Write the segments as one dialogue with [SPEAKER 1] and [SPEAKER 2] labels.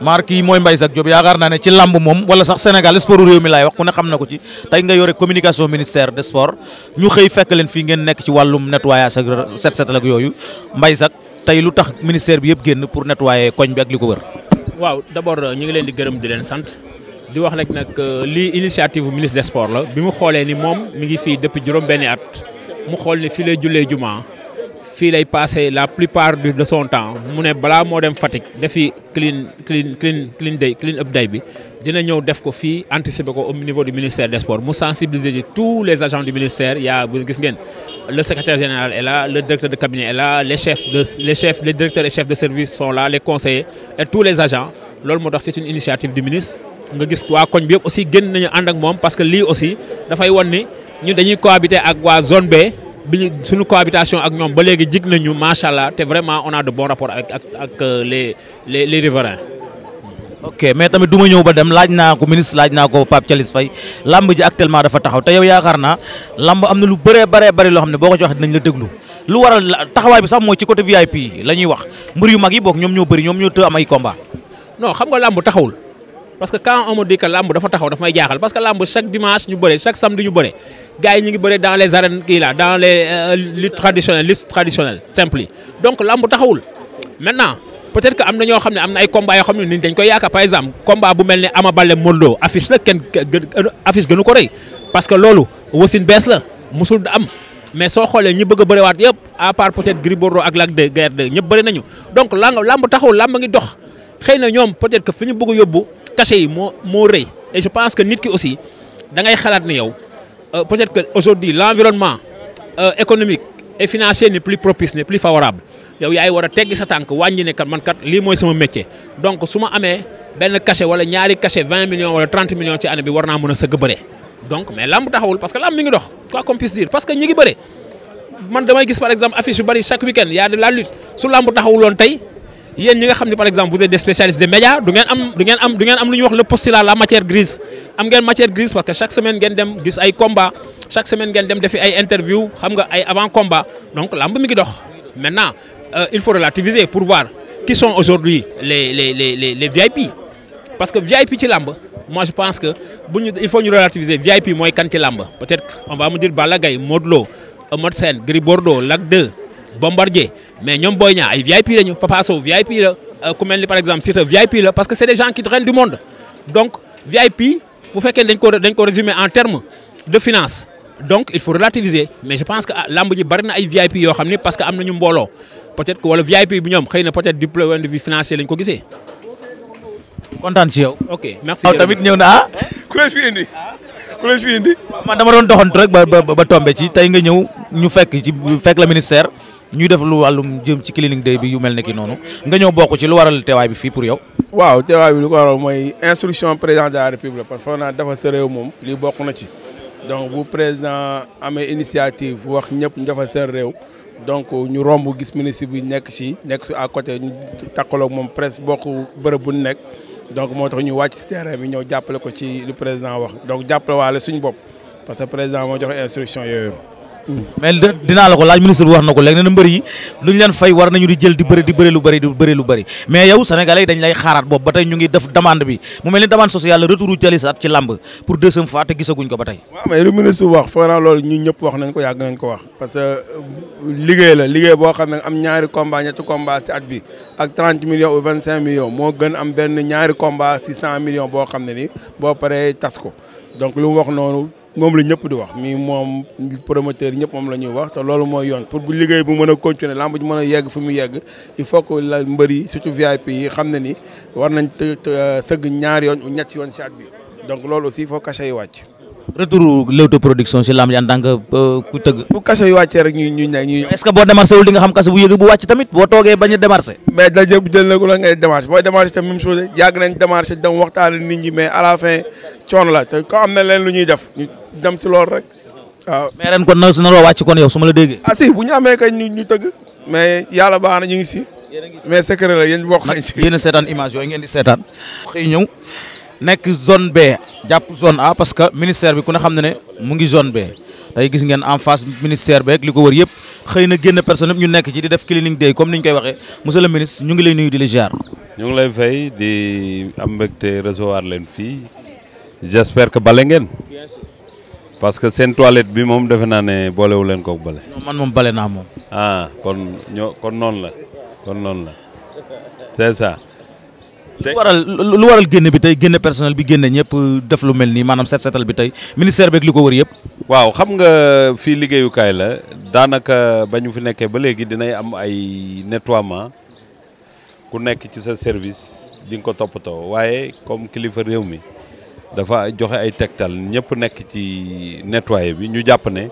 [SPEAKER 1] maar kii mooy Mbaye Jacques Diop yaakaar naa ne ci lamb moom wala sax Sénégal sport réew mi laay wax ku ne xam na ko ci tey nga yore communication ministère de sports ñu xëy fekk leen fii ngeen nekk ci wàllum nettoyage ak set setal ak yooyu Mbaye Jacques tey lu tax ministère bi yëpp génn pour nettoyer koñ bi ak li ko wër.
[SPEAKER 2] waaw d'abord ñu ngi leen di gërëm di leen sant di wax rek nag euh, lii initiative ministre des sports la bi mu xoolee ni moom mi ngi fii depuis juróom benni at mu xool fii lay jullee jumaa fii lay passé la plupart du de son temps mu ne balaa moo dem Fatick defi clean clean clean up day bi dina ñëw def ko fii anticiper ko au niveau du ministère des sports mu sensibiliser ji tous les agents du ministère yaa bu gis ngeen le secrétaire général e là le directeur de cabinet est là les chefs le les chefs les directeurs et chefs de service sont là les conseillers et tous les agents loolu moo tax c'est une initiative du ministre nga gis waa koñ bi yëpp aussi génn nañu parce que lii aussi dafay won ni ñun B bi suñu cohabitation ak ñoom ba léegi jig nañu macha allah te vraiment on a de bons rapports ak ak ak euh, les les les riverains.
[SPEAKER 1] ok mais tamit du ma ñëw ba dem laaj naa ko ministre laaj naa ko Pape Thialis Faye lamb ji actuellement dafa taxaw te yow yaakaar na lamb am na lu bëree bëree bari loo xam ne boo ko ci wax dinañ la déglu lu waral taxawaay bi sax mooy ci côté VIP la ñuy wax mbër yu mag yi boog ñoom ñoo bari ñoom ñoo të am ay combat. non xam nga lamb taxawul.
[SPEAKER 2] parce que quand on me dit que làmb dafa taxaw daf may jaaxal parce que làmb chaque dimanche ñu bëre chaque samedi ñu bëre gars yi ngi bëre dans les arènes kii dans les euh, luttes traditionnelles simple yi donc làmb taxawul maintenant peut-être que am na ñoo xam ne am na ay combat yoo xam ne nit dañ koy yaakaar par exemple combat bu mel ne Ama Baldé Modou Lô la kenn affiche gënu ko rëy parce que loolu wasin bees la musul am mais soo xoolee ñi bëgg a bëriwaat yëpp à part peut-être Gris Bordeaux ak Lac de Guiers 2 ñëpp bëri nañu donc làmb làmb que fi ñu bëgg cachet yi moo moo rëy et je pense que nit ki aussi da ngay xalaat ni yow euh, peut-être que aujourd'hui l'environnement euh, économique et financier n'est plus propice n'est plus favorable yow yaay war a teggi sa tànk wàññi ne kat man kat lii mooy sama métier donc su ma amee benn cachet wala ñaari cachet 20 millions wala 30 millions ci année bi war naa mën a sëgg bëre donc mais lamb taxawul parce que lamb mi ngi dox quoi qu'on puisse dire parce que ñi ngi bëre man bari a de la lutte su lamb taxawuloon yéen ñi nga xam ne par exemple vous êtes des spécialistes des médias du ngeen am du ngeen am du ngeen am lu ñuy wax le postulat la matière grise am ngeen matière grise parce que chaque semaine ngeen dem gis ay combat chaque semaine ngeen dem defi ay interview xam nga ay avant combat donc lamb mi ngi dox maintenant euh, il faut relativiser pour voir qui sont aujourd'hui les les les les les VIP parce que VIP ci lamb moi je pense que bu ñu il faut ñu relativiser VIP mooy kan ci lamb peut-être on va me dire Balla Gaye Modou Lo Eumeu Sène Gris Bombardier mais ñoom Boy Niang ay VIP lañu Papa Sow VIP la euh, ku mel ni par exemple Siteu VIP la parce que c'est des gens qui drainent du monde donc VIP bu fekkee dañ ko dañ en termes de finance donc il faut relativiser mais je pense que ah, lamb ji bari na ay VIP yoo xam ne parce que am nañu mbooloo peut-être que wala VIP bi ñoom xëy na peut-être du financier lañ ko gisee. kontaan tamit
[SPEAKER 1] ñëw na ah. ku leen fi indi. ku leen fi indi. man dama doon doxantu rek ba ba ba tombé ci tey ñu fekk ci fekk la ñuy def lu wàllum jëm ci cleaning day bi yu mel ne ki noonu nga ñëw bokk ci lu waral teewaay bi fii pour yow.
[SPEAKER 3] waaw teewaay bi lu ko waral mooy instruction président de la république parce que foog naa dafa sa réew moom lii bokk na ci donc bu président amee initiative wax ñëpp ñu dafa seen réew donc ñu romb gis ministre bi nekk ci nekk si à côté ñu takkaloog moom presque bokk bërëb bu nekk donc moo tax ñu wàcc si terrain bi ñëw jàppale ko ci lu président wax donc jàppale suñu bopp parce que président moo joxe instruction yooyu.
[SPEAKER 1] mais dinaa la ko laaj ministre bi wax na ko léegi nee na mbër yi lu ñu war nañu di jël di bëri di bëri lu bëri di bëri lu bëri mais yow sénégalais yi dañ lay xaaraat boobu ba tey ñu ngi def demande bi mu mel ni demande sociale la retour jalisaat ci làmb pour deuxième fois te gisaguñ ko ba tey
[SPEAKER 3] waaw mais lu ministre wax foog naa ñu ñëpp wax nañ ko yàgg nañ ko wax parce que euh, liggéey la liggéey boo xam ne am ñaari combat ñetti combat si at bi ak 30 millions ou 25 millions moo gën am benn ñaari combat si 100 boo xam ne ni boo paree tas ko donc wax noonu moom la ñëpp di wax mi moom promoteur ñëpp moom la ñuy wax te loolu mooy yoon pour bu liggéey bu mën a continuer lamb ji mën a yegg fu mu yegg il faut que la mbër yi yoon u ñett yoon si at bi donc loolu aussi il faut cachet yi
[SPEAKER 1] retour l'auto si lamb ji en euh, ku tëgg. bu
[SPEAKER 3] cachet yi wàccee rek ñu ñu ñu. boo démarché di nga xam cachet bu yëg bu wàcc tamit boo toogee bañ a démarché. mais da jël jël na ko la ngay démarché booy démarché tam même chose yàgg nañ démarché dem dem si loolu rek waaw. mais
[SPEAKER 1] na su kon yow su ma la déggee. ah
[SPEAKER 3] si bu ñu amee kay ñu ñu tëgg. mais mais secret la yéen bokk nañ si. yéen a seetaan image yooyu ngeen di seetaan. nekk
[SPEAKER 1] zone bee jàpp zone A parce que ministère bi ku ne xam ne ne mu ngi zone B tey gis ngeen en face ministère beeg li ko wër yëpp xëy na génn personne ñu nekk ci di def cleaning day comme ni ñu koy waxee monsieur le ministre ñu ngi lay nuyu di la ziar.
[SPEAKER 4] ñu ngi lay fay di am mbégte recevoir leen fii j'espère que bale ngeen. parce que seen toilette bi moom defe naa ne boolewu leen ko bale. non man moom bale naa moom. ah kon ñoo kon noonu la kon noonu la c'est ça. lu
[SPEAKER 1] waral lu waral génne bi tey génne personnel bi génne
[SPEAKER 4] ñëpp def lu mel nii maanaam set setal bi tey ministère beeg li ko wër yëpp. waaw xam nga fii liggéeyukaay la daanaka ba ñu fi nekkee ba léegi dinay am ay nettoiement ku nekk ci sa service di nga ko toppatoo waaye comme kilifa réew mi. dafa joxe ay tegtal ñëpp nekk ci nettoyer bi ñu jàpp ne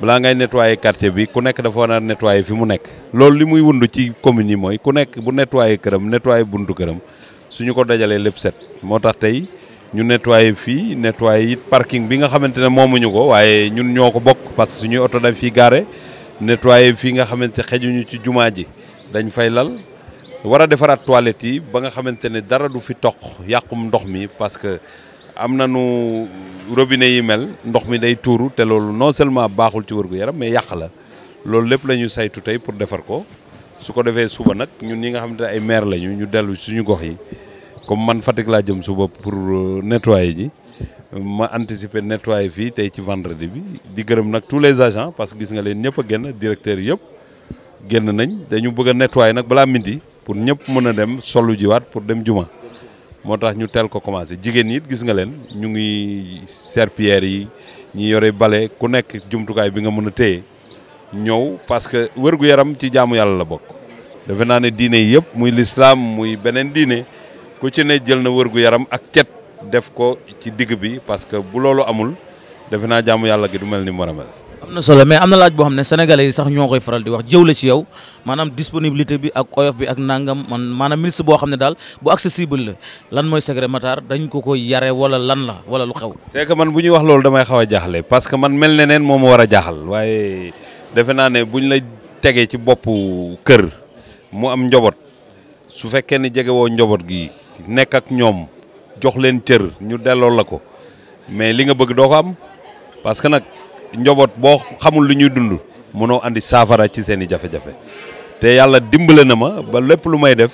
[SPEAKER 4] balaa ngay nettoyer quartier bi ku nekk dafa war a nettoyer fi mu nekk. loolu li muy wund ci communes yi mooy ku nekk bu nettoyer këram nettoyer buntu këram su ñu ko dajalee lépp set moo tax tey ñu nettoyer fii nettoyer it parking bi nga xamante ne moomuñu ko waaye ñun ñoo ko bokk parce que suñuy oto dañ fii gaare nettoyer fii nga xamante xejuñu ci jumaa ji dañ fay lal. war a defaraat toilettes yi ba nga xamante ne dara du fi toq yàqum ndox mi parce que. am na nañu robinet yi mel ndox mi day tuuru te loolu non seulement baaxul ci wërgu yaram mais yàq la loolu lépp la ñu saytu tey pour defar ko su ko defee suba nag ñun ñi nga xam ne ay maire lañu ñu dellu suñu gox yi comme man Fatick laa jëm suba pour euh, nettoyer ji ma anticiper nettoyer fii tey ci vendredi bi di gërëm nag tous les agents parce que gis nga leen ñëpp a génn directeur yëpp génn nañ dañu bëgg a nag balaa midi pour ñëpp mën a dem solu jiwaat pour dem juma. moo tax ñu teel ko commencé jigéen ñi gis nga leen ñu ngi serpillères yi ñi yore bale ku nekk jumtukaay bi nga mën a téye ñëw parce que wérgu yaram ci jaamu yàlla la bokk defe naa ne diine yëpp muy lislaam muy beneen diine ku ci ne jël na gu yaram ak cet def ko ci digg bi parce que bu loolu amul defe naa jaamu yàlla gi du mel ni mu a mel
[SPEAKER 1] am na solo mais am na laaj boo xam ne sénégalais yi sax ñoo koy faral di wax jëw la ci yow maanaam disponibilité bi ak oyof bi ak nangam man maanaam ministre boo xam ne daal bu accessible la lan mooy secret Matar dañ ko koy yare wala lan la wala lu xew.
[SPEAKER 4] c'est man bu ñuy wax loolu damay xaw a jaaxle parce que man mel ne neen moom ma war a jaaxal waaye defe naa ne buñ la tegee ci boppu kër mu am njaboot su fekkee ne jege woo njaboot gi nekk ak ñoom jox leen cër ñu dellool la ko njaboot boo xamul lu ñuy dund mënoo andi saafara ci seen i jafe-jafe te yàlla dimbale na ma ba lépp lu may def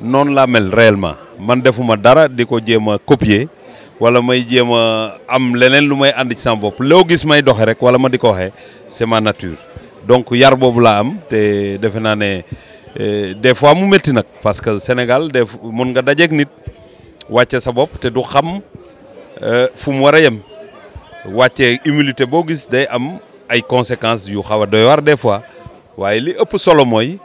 [SPEAKER 4] noonu laa mel réellement man defuma dara di ko jéem a copier wala may jéem a am leneen lu may ànd ci sama bopp loo gis may doxe rek wala ma di ko waxee c'est nature donc yar boobu laa am te defe naa ne euh, des fois mu métti nag parce que Sénégal def mun nga dajeek nit wàcce sa bopp te du xam euh, fu mu war a yem wàccee humilité boo gis day am ay conséquences yu xaw a doy war des fois waaye li ëpp solo mooy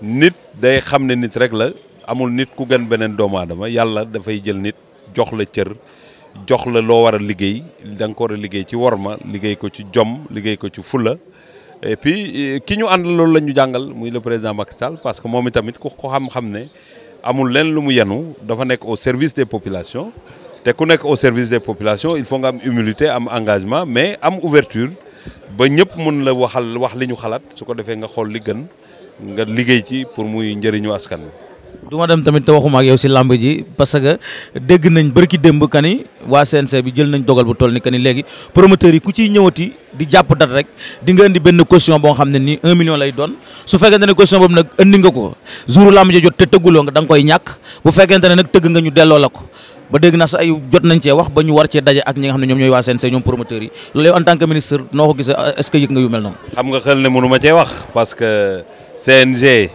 [SPEAKER 4] nit day xam ne nit rek la amul nit ku gën beneen doomu aadama yàlla dafay jël nit jox la cër jox la loo war a liggéey da nga ko war a liggéey ci worma liggéey ko ci jom liggéey ko ci fula. et puis euh, ki ñu ànd loolu la ñu jàngal muy la président Macky Sall parce que moom itamit ku ko xam-xam ne amul leen lu mu yenu dafa nekk au service des populations. te ku nekk au service des populations il faut nga am humilité am engagement mais am ouverture ba ñëpp mun la waxal wax li ñu xalaat su ko defee nga xool li gën nga liggéey ci pour muy njëriñu askan wi
[SPEAKER 1] duma dem tamit te waxuma ak yow si làmb ji parce que dégg nañ bërki démb kani waa CNC bi jël nañ dogal bu toll ni kani léegi promoteurs yi ku ci ñëwati di jàpp dat rek di nga indi benn caution boo xam ne ni un million lay doon su fekkente ne caution boobu nag indi nga ko jour làmb ji jot te tëgguloo nga da koy ñàkk bu fekkente ne nag tëgg nga ñu delloo la ko ba dégg naa sa ay jot nañ cee wax ba ñu war cee daje ak ñi nga xam ne ñoom ñooy waa CNC ñoom promoteurs yi loolu yow noo ko gisee est-ce que
[SPEAKER 4] que CNG.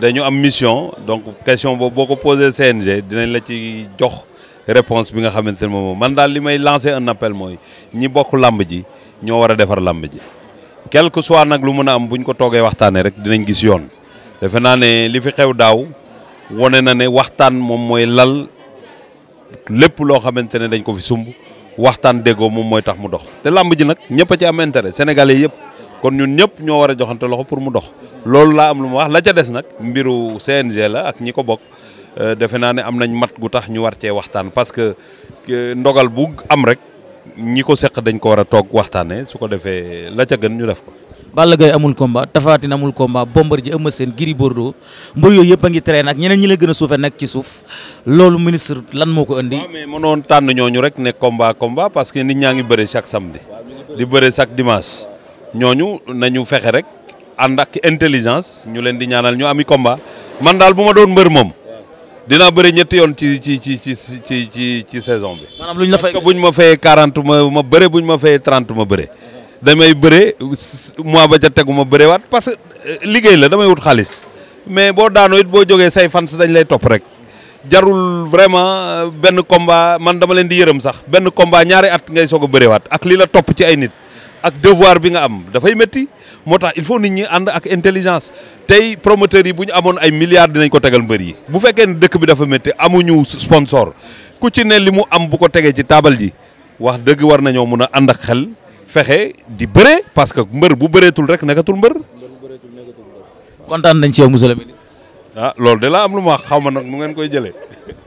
[SPEAKER 4] dañu am mission donc question boobu boo ko posé CNG dinañ la ci jox réponse bi nga xamante ne moom man daal li may lancer un appel mooy ñi bokk làmb ji ñoo war a defar làmb ji quelque que soit nag lu mën a am bu ñu ko toogee waxtaanee rek dinañ gis yoon defe naa ne li fi xew daaw wone na ne waxtaan moom mooy lal lépp loo xamante ne dañ ko fi sumb waxtaan déggoo moom mooy tax mu dox te làmb ji nag ñëpp a ci am intérêt sénégalais yëpp. kon ñun ñëpp ñoo war a joxante loxo pour mu dox loolu laa am lu ma wax la ca des nag mbiru CNG la ak ñi ko bokk euh, defe naa ne am nañ mat gu tax ñu war cee waxtaan parce que ndogal bu am rek ñi ko seq dañ ko war a toog waxtaanee su ko defee la gën ñu def ko. Balla Gaye amul combat Tapha Tine amul combat Bombardier Eumeu Sène Gris Bordeaux
[SPEAKER 1] mbër yooyu yëpp a ngi
[SPEAKER 4] train nag ñeneen ñi la gën a suufee nekk ci suuf loolu ministre lan moo ko indi. waaw mais mënoon tànn ñooñu rek ne combat combat parce que nit ñaa ngi bëre chaque samedi di bëre chaque dimanche. ñooñu nañu fexe rek ànd ak intelligence ñu leen di ñaanal ñu ami combat man daal bu ma doon mbër moom. dinaa bëri ñetti yoon ci ci ci ci ci ci ci saison bi. maanaam lu ñu la fay buñ ma fayee 40 ma ma bëre buñ ma fayee trente ma bëre. damay bëre mois ba ca tegu ma bëre waat parce que euh, liggéey la damay wut xaalis mais boo daanoo it boo jógee say fans dañ lay topp rek. jarul vraiment euh, benn combat man dama leen di yërëm sax benn combat ñaari at ngay soog a bërewaat ak lii la topp ci ay nit. ak devoir bi nga am dafay métti moo tax il faut nit ñi ànd ak intelligence tey promoteurs yi bu ñu amoon ay milliards dinañ ko tegal mbër yi bu fekkee ne dëkk bi dafa métti amuñu sponsor ku ci ne li mu am bu ko tegee ci taabal ji wax dëgg war nañoo mun a ànd ak xel fexe di bëre parce que mbër bu bëreetul rek nekkatul mbër. kontaan nañ ci yow monsieur le ministre. Ah, loolu de la am lu ma xaw ma nag nu ngeen koy jëlee.